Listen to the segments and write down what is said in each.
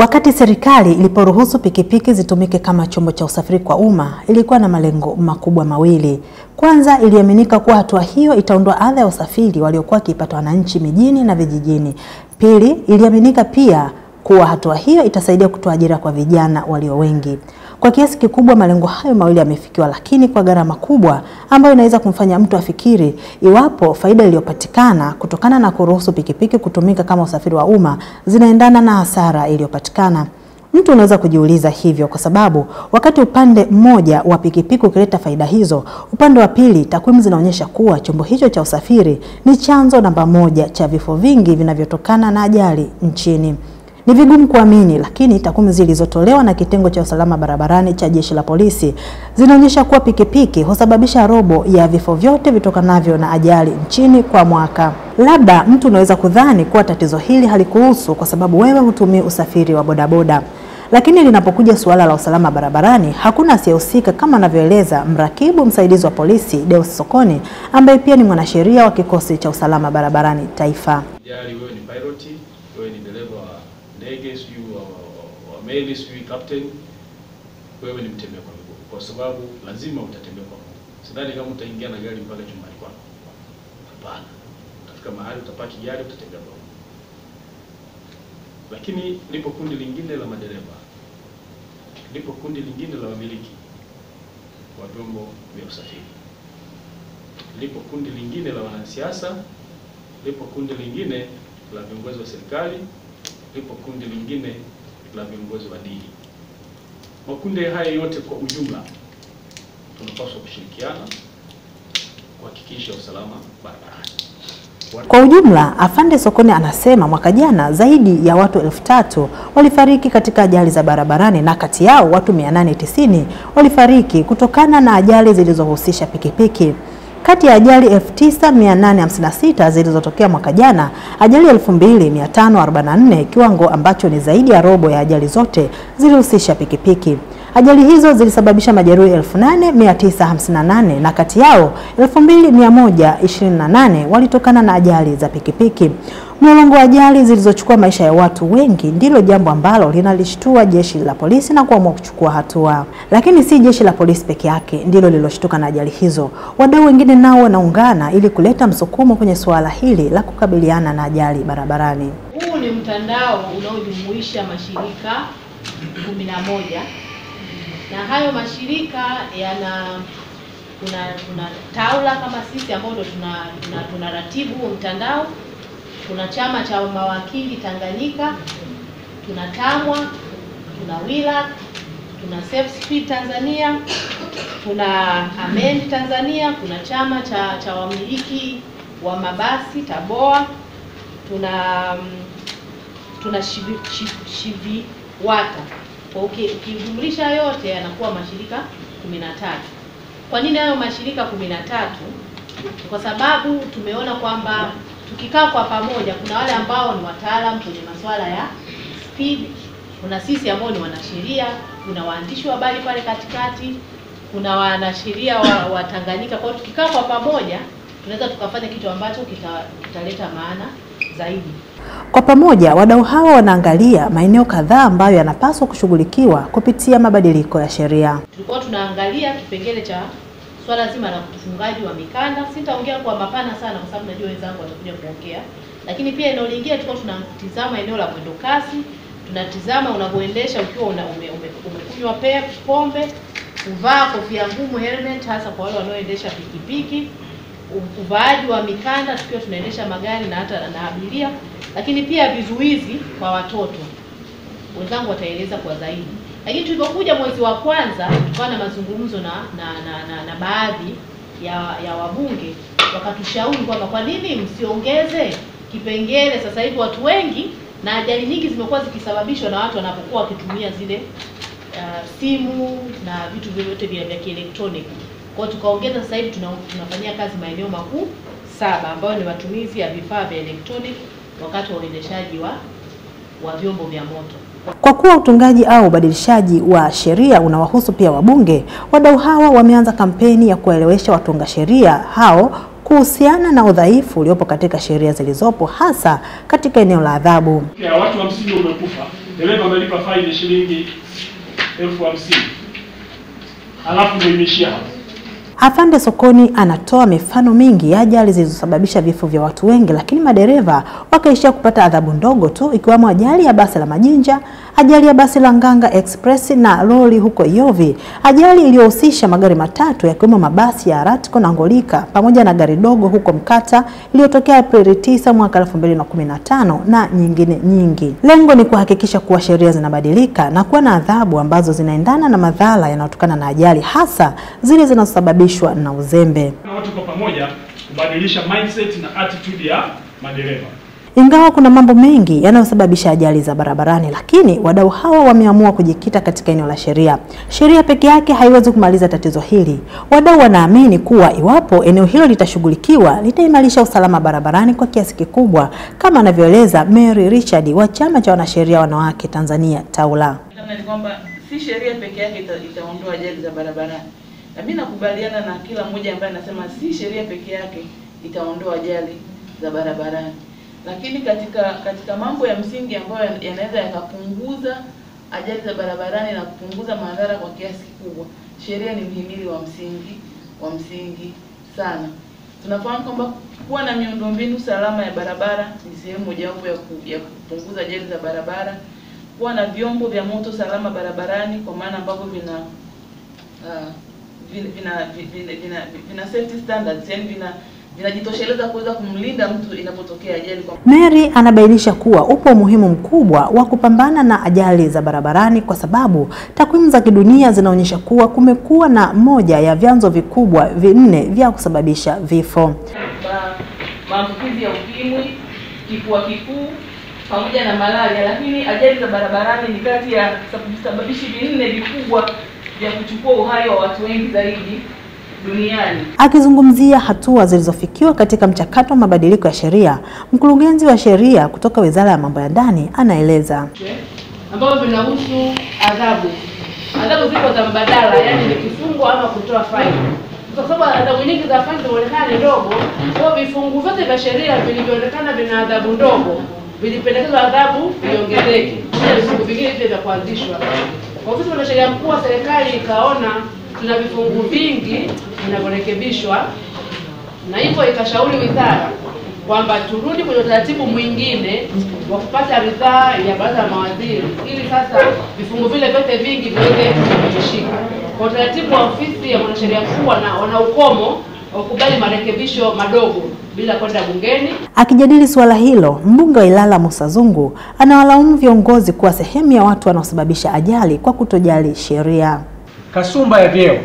Wakati serikali iliporuhusu pikipiki zitumike kama chombo cha usafiri kwa umma, ilikuwa na malengo makubwa mawili. Kwanza, iliaminika kuwa hatua hiyo itaondoa adha ya usafiri waliokuwa wakipata wananchi mijini na vijijini. Pili, iliaminika pia kuwa hatua hiyo itasaidia kutoa ajira kwa vijana walio wengi. Kwa kiasi kikubwa malengo hayo mawili yamefikiwa, lakini kwa gharama kubwa ambayo inaweza kumfanya mtu afikiri iwapo faida iliyopatikana kutokana na kuruhusu pikipiki kutumika kama usafiri wa umma zinaendana na hasara iliyopatikana. Mtu unaweza kujiuliza hivyo kwa sababu wakati upande mmoja wa pikipiki ukileta faida hizo, upande wa pili takwimu zinaonyesha kuwa chombo hicho cha usafiri ni chanzo namba moja cha vifo vingi vinavyotokana na ajali nchini. Ni vigumu kuamini, lakini takwimu zilizotolewa na kitengo cha usalama barabarani cha jeshi la polisi zinaonyesha kuwa pikipiki husababisha robo ya vifo vyote vitokanavyo na ajali nchini kwa mwaka. Labda mtu unaweza kudhani kuwa tatizo hili halikuhusu kwa sababu wewe hutumii usafiri wa bodaboda lakini linapokuja suala la usalama barabarani hakuna asiyehusika, kama anavyoeleza mrakibu msaidizi wa polisi Deus Sokoni ambaye pia ni mwanasheria wa kikosi cha usalama barabarani taifa. wewe ni pilot, wewe ni dereva ndege sijui wa, wa, wa meli sijui captain, wewe ni mtembea kwa miguu, kwa sababu lazima utatembea kwa miguu. Sidhani kama utaingia na gari mpaka chumbani kwako, hapana. Utafika mahali utapaki gari, utatembea kwa miguu. Lakini lipo kundi lingine la madereva, lipo kundi lingine la wamiliki wa vyombo vya usafiri, lipo kundi lingine la wanasiasa, lipo kundi lingine la viongozi wa serikali lipo kundi lingine la viongozi wa dini. Makundi haya yote kwa ujumla, tunapaswa kushirikiana kuhakikisha usalama barabarani. Kwa ujumla, Afande Sokoni anasema mwaka jana zaidi ya watu elfu tatu walifariki katika ajali za barabarani na kati yao watu 890 walifariki kutokana na ajali zilizohusisha pikipiki. Kati ya ajali 9856 zilizotokea mwaka jana, ajali 2544, kiwango ambacho ni zaidi ya robo ya ajali zote, zilihusisha pikipiki. Ajali hizo zilisababisha majeruhi 8958 na kati yao 2128 walitokana na ajali za pikipiki. Mlolongo wa ajali zilizochukua maisha ya watu wengi ndilo jambo ambalo linalishtua jeshi la polisi na kuamua kuchukua hatua. Lakini si jeshi la polisi peke yake ndilo liloshtuka na ajali hizo. Wadau wengine nao wanaungana ili kuleta msukumo kwenye suala hili la kukabiliana na ajali barabarani. Huu ni mtandao unaojumuisha mashirika 11 na hayo mashirika yana kuna kuna taula kama sisi ambao ndo tunaratibu tuna, huo mtandao. Kuna chama cha mawakili Tanganyika, tuna TAMWA, tuna wila tuna Speed Tanzania, kuna Amend Tanzania, kuna chama cha cha wamiliki wa mabasi TABOA, tuna tuna shivi, shivi, shivi wata kwa ukijumlisha yote yanakuwa mashirika kumi na tatu. Kwa nini hayo mashirika kumi na tatu? Kwa sababu tumeona kwamba tukikaa kwa pamoja, kuna wale ambao ni wataalamu kwenye masuala ya speed, kuna sisi ambao ni wanasheria, kuna waandishi wa habari pale katikati, kuna wanasheria wa, wa Tanganyika. Kwa hiyo tukikaa kwa pamoja tunaweza tukafanya kitu ambacho kitaleta kita maana zaidi. Kwa pamoja, wadau hawa wanaangalia maeneo kadhaa ambayo yanapaswa kushughulikiwa kupitia mabadiliko ya sheria. Tulikuwa tunaangalia kipengele cha swala zima la ufungaji wa mikanda. Sitaongea kwa mapana sana, kwa sababu najua wenzangu watakuja kuongea, lakini pia eneo lingine tulikuwa tunatizama eneo la mwendo kasi, tunatizama unavyoendesha ukiwa una umekunywa ume, pombe, kuvaa kofia ngumu helmet, hasa kwa wale wanaoendesha pikipiki uvaaji wa mikanda tukiwa tunaendesha magari na hata na abiria, lakini pia vizuizi kwa watoto. Wenzangu wataeleza kwa zaidi, lakini tulipokuja mwezi wa kwanza tukawa na mazungumzo na na, na, na, na baadhi ya, ya wabunge wakatushauri kwamba kwa nini msiongeze kipengele. Sasa hivi watu wengi na ajali nyingi zimekuwa zikisababishwa na watu wanapokuwa wakitumia zile uh, simu na vitu vyovyote vya kielektroniki kwa tukaongeza sasa hivi tunafanyia kazi maeneo makuu saba ambayo ni matumizi ya vifaa vya elektroniki wakati wa uendeshaji wa wa vyombo vya moto. Kwa kuwa utungaji au ubadilishaji wa sheria unawahusu pia wabunge, wadau hawa wameanza kampeni ya kuelewesha watunga sheria hao kuhusiana na udhaifu uliopo katika sheria zilizopo hasa katika eneo la adhabu. Ya watu hamsini wamekufa, dereva amelipa faini shilingi elfu hamsini alafu ndio imeishia hapo. Afande Sokoni anatoa mifano mingi ya ajali zilizosababisha vifo vya watu wengi, lakini madereva wakaishia kupata adhabu ndogo tu, ikiwemo ajali ya basi la Majinja ajali ya basi la Nganga Express na lori huko Yovi, ajali iliyohusisha magari matatu yakiwemo mabasi ya Aratco na Ngolika pamoja na gari dogo huko Mkata iliyotokea Aprili 9 mwaka 2015 na nyingine nyingi. Lengo ni kuhakikisha kuwa sheria zinabadilika na kuwa na adhabu ambazo zinaendana na madhara yanayotokana na ajali, hasa zile zinazosababishwa na uzembe. Na watu kwa pamoja kubadilisha mindset na attitude ya madereva. Ingawa kuna mambo mengi yanayosababisha ajali za barabarani, lakini wadau hawa wameamua kujikita katika eneo la sheria. Sheria peke yake haiwezi kumaliza tatizo hili. Wadau wanaamini kuwa iwapo eneo hilo litashughulikiwa, litaimarisha usalama barabarani kwa kiasi kikubwa, kama anavyoeleza Mary Richard wa Chama cha Wanasheria Wanawake Tanzania TAWLA. Kwamba si sheria peke yake itaondoa ajali za barabarani, na mimi nakubaliana na kila mmoja ambaye anasema si sheria peke yake itaondoa ajali za barabarani lakini katika katika mambo ya msingi ambayo yanaweza yakapunguza ajali za barabarani na kupunguza madhara kwa kiasi kikubwa, sheria ni mhimili wa msingi wa msingi sana. Tunafahamu kwamba kuwa na miundombinu salama ya barabara ni sehemu mojawapo ya, ku, ya kupunguza ajali za barabara. Kuwa na vyombo vya moto salama barabarani, kwa maana ambavyo vina uh, vina vina, vina, vina, vina safety standards, yani vina vinajitosheleza kuweza kumlinda mtu inapotokea ajali. Mary anabainisha kuwa upo umuhimu mkubwa wa kupambana na ajali za barabarani kwa sababu takwimu za kidunia zinaonyesha kuwa kumekuwa na moja ya vyanzo vikubwa vinne vya kusababisha vifo, maambukizi ya ukimwi, kifua kikuu pamoja na malaria, lakini ajali za barabarani ni kati ya visababishi vinne vikubwa vya kuchukua uhai wa watu wengi zaidi duniani. Akizungumzia hatua zilizofikiwa katika mchakato wa mabadiliko ya sheria, mkurugenzi wa sheria kutoka Wizara ya Mambo ya Ndani anaeleza okay, ambavyo vinahusu adhabu. Adhabu ziko za mbadala, yani ni kifungo ama kutoa faini kwa sababu adhabu nyingi za faini zinaonekana ni ndogo. Kwa vifungu vyote vya sheria vilivyoonekana vina adhabu ndogo, vilipendekezwa adhabu iongezeke, kwa vifungu vingine vile vya kuanzishwa. Ofisi ya Mwanasheria Mkuu wa Serikali ikaona tuna vifungu vingi vinavyorekebishwa, na hivyo ikashauri wizara kwamba turudi kwenye utaratibu mwingine wa kupata ridhaa ya baraza la mawaziri ili sasa vifungu vile vyote vingi viweze kuishika. Kwa utaratibu wa ofisi ya mwanasheria mkuu wana ukomo wa kukubali marekebisho madogo bila kwenda bungeni. Akijadili suala hilo, mbunge wa Ilala Musa Zungu anawalaumu viongozi kuwa sehemu ya watu wanaosababisha ajali kwa kutojali sheria. Kasumba ya vyeo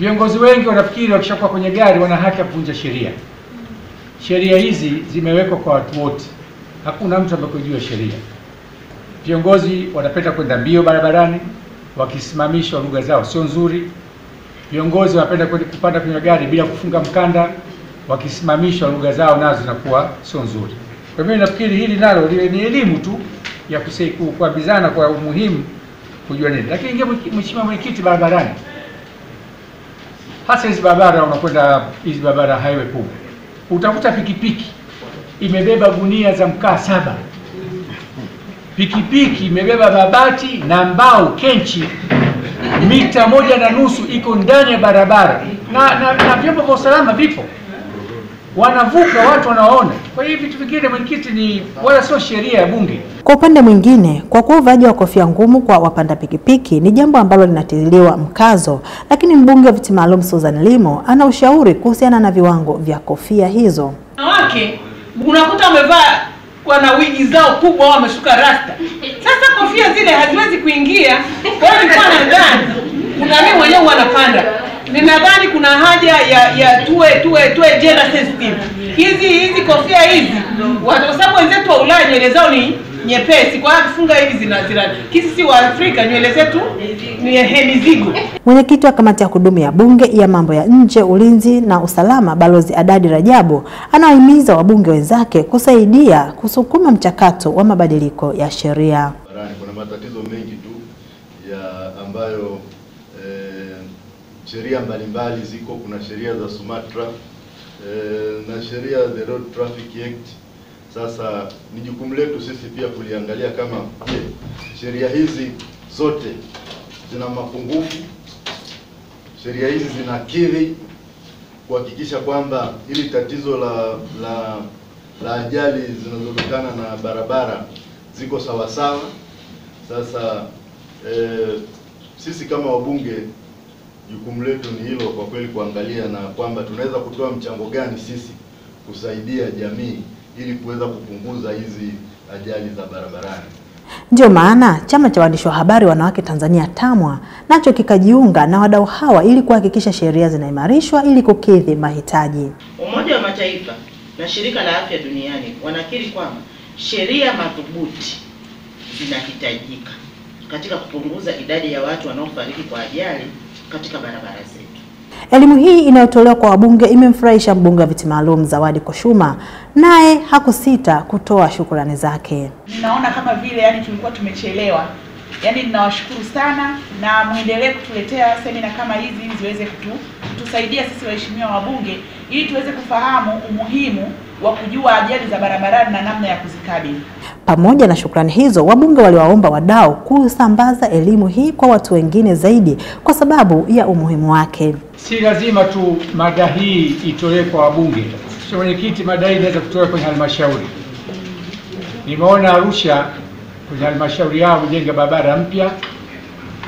Viongozi wengi wanafikiri wakishakuwa kwenye gari wana haki ya kuvunja sheria. Sheria hizi zimewekwa kwa watu wote, hakuna mtu amekujua sheria. Viongozi wanapenda kwenda mbio barabarani, wakisimamishwa lugha zao sio nzuri. Viongozi wanapenda kupanda kwenye gari bila kufunga mkanda, wakisimamishwa lugha zao nazo zinakuwa sio nzuri. Kwa hivyo nafikiri hili nalo liwe ni elimu tu ya kuambizana kwa umuhimu kujua nini, lakini ingia mheshimiwa mwenyekiti barabarani hasa hizi barabara unakwenda hizi barabara highway kubwa, utakuta pikipiki imebeba gunia za mkaa saba, pikipiki imebeba mabati na mbao kenchi mita moja na nusu iko ndani ya barabara na, na, na vyombo vya usalama vipo wanavuka watu wanaona. Kwa hiyo vitu vingine, mwenyekiti, ni wala sio sheria ya Bunge. Kwa upande mwingine, kwa kuwa uvaaji wa kofia ngumu kwa wapanda pikipiki ni jambo ambalo linatiliwa mkazo, lakini mbunge wa viti maalum Susan Limo ana ushauri kuhusiana na viwango vya kofia hizo. Wanawake unakuta wamevaa wana wigi zao kubwa, wao wameshuka rasta. Sasa kofia zile haziwezi kuingia, kwa hiyo nadhani unalewe mwenyewe wanapanda ninadhani kuna haja ya ya tuwe tuwe tuwe gender sensitive. Hizi hizi kofia hizi kwa sababu wenzetu wa Ulaya nywele zao ni nyepesi, kwa hiyo kufunga hivi zina zina kisi, si wa Afrika nywele zetu ni mizigo. Mwenyekiti wa kamati ya kudumu ya bunge ya mambo ya nje, ulinzi na usalama, Balozi Adadi Rajabu anawahimiza wabunge wenzake kusaidia kusukuma mchakato wa mabadiliko ya sheria. Kuna matatizo mengi tu ya ambayo sheria mbalimbali ziko, kuna sheria za Sumatra eh, na sheria the Road Traffic Act. Sasa ni jukumu letu sisi pia kuliangalia kama je, sheria hizi zote zina mapungufu, sheria hizi zinakidhi kuhakikisha kwamba ili tatizo la la la ajali zinazotokana na barabara ziko sawasawa. Sasa eh, sisi kama wabunge jukumu letu ni hilo kwa kweli, kuangalia na kwamba tunaweza kutoa mchango gani sisi kusaidia jamii ili kuweza kupunguza hizi ajali za barabarani. ndio maana chama cha waandishi wa habari wanawake Tanzania TAMWA nacho kikajiunga na wadau hawa ili kuhakikisha sheria zinaimarishwa ili kukidhi mahitaji. Umoja wa Mataifa na Shirika la Afya Duniani wanakiri kwamba sheria madhubuti zinahitajika katika kupunguza idadi ya watu wanaofariki kwa ajali katika barabara zetu. Elimu hii inayotolewa kwa wabunge imemfurahisha mbunge wa viti maalum Zawadi Koshuma, naye hakusita kutoa shukrani zake. Ninaona kama vile yani tulikuwa tumechelewa, yani ninawashukuru sana na mwendelee kutuletea semina kama hizi ziweze kutu kutusaidia sisi waheshimiwa wabunge ili tuweze kufahamu umuhimu wa kujua ajali za barabarani na namna ya kuzikabili. Pamoja na shukrani hizo, wabunge waliwaomba wadau kusambaza elimu hii kwa watu wengine zaidi kwa sababu ya umuhimu wake. Si lazima tu mada hii itolewe kwa wabunge, sio mwenyekiti, mada hii inaweza kutolewa kwenye halmashauri. Nimeona Arusha kwenye halmashauri yao kujenga barabara mpya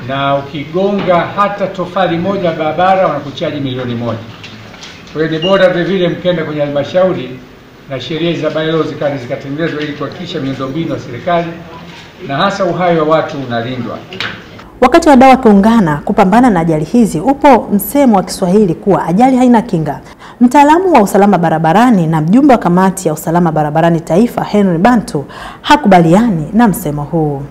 na ukigonga hata tofali moja barabara wanakuchaji milioni moja. Kwa hiyo ni bora vile vile mkenda kwenye halmashauri na sheria za bylaws zikani zikatengenezwa ili kuhakikisha miundombinu ya serikali na hasa uhai wa watu unalindwa. Wakati wadau wakiungana kupambana na ajali hizi, upo msemo wa Kiswahili kuwa ajali haina kinga. Mtaalamu wa usalama barabarani na mjumbe wa kamati ya usalama barabarani taifa Henry Bantu hakubaliani na msemo huu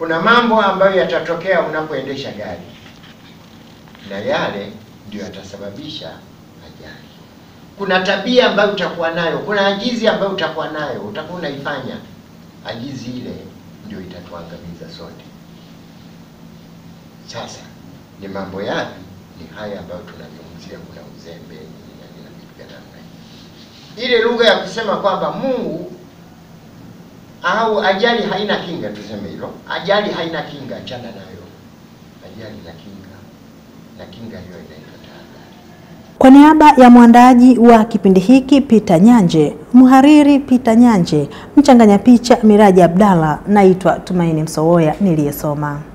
kuna mambo ambayo yatatokea unapoendesha gari na yale ndio yatasababisha ajali. Kuna tabia ambayo utakuwa nayo, kuna ajizi ambayo utakuwa nayo, utakuwa unaifanya. Ajizi ile ndio itatuangamiza sote. Sasa ni mambo yapi? Ni haya ambayo tunazungumzia, kuna uzembe na vitu vya namna ile, lugha ya kusema kwamba Mungu au ajali haina kinga, tuseme hilo. Ajali haina kinga, achana nayo. Ajali na kinga, na kinga hiyo inaitwa Kwa niaba ya mwandaaji wa kipindi hiki Peter Nyanje, mhariri Peter Nyanje, mchanganya picha Miraji Abdalla, naitwa Tumaini Msowoya niliyesoma.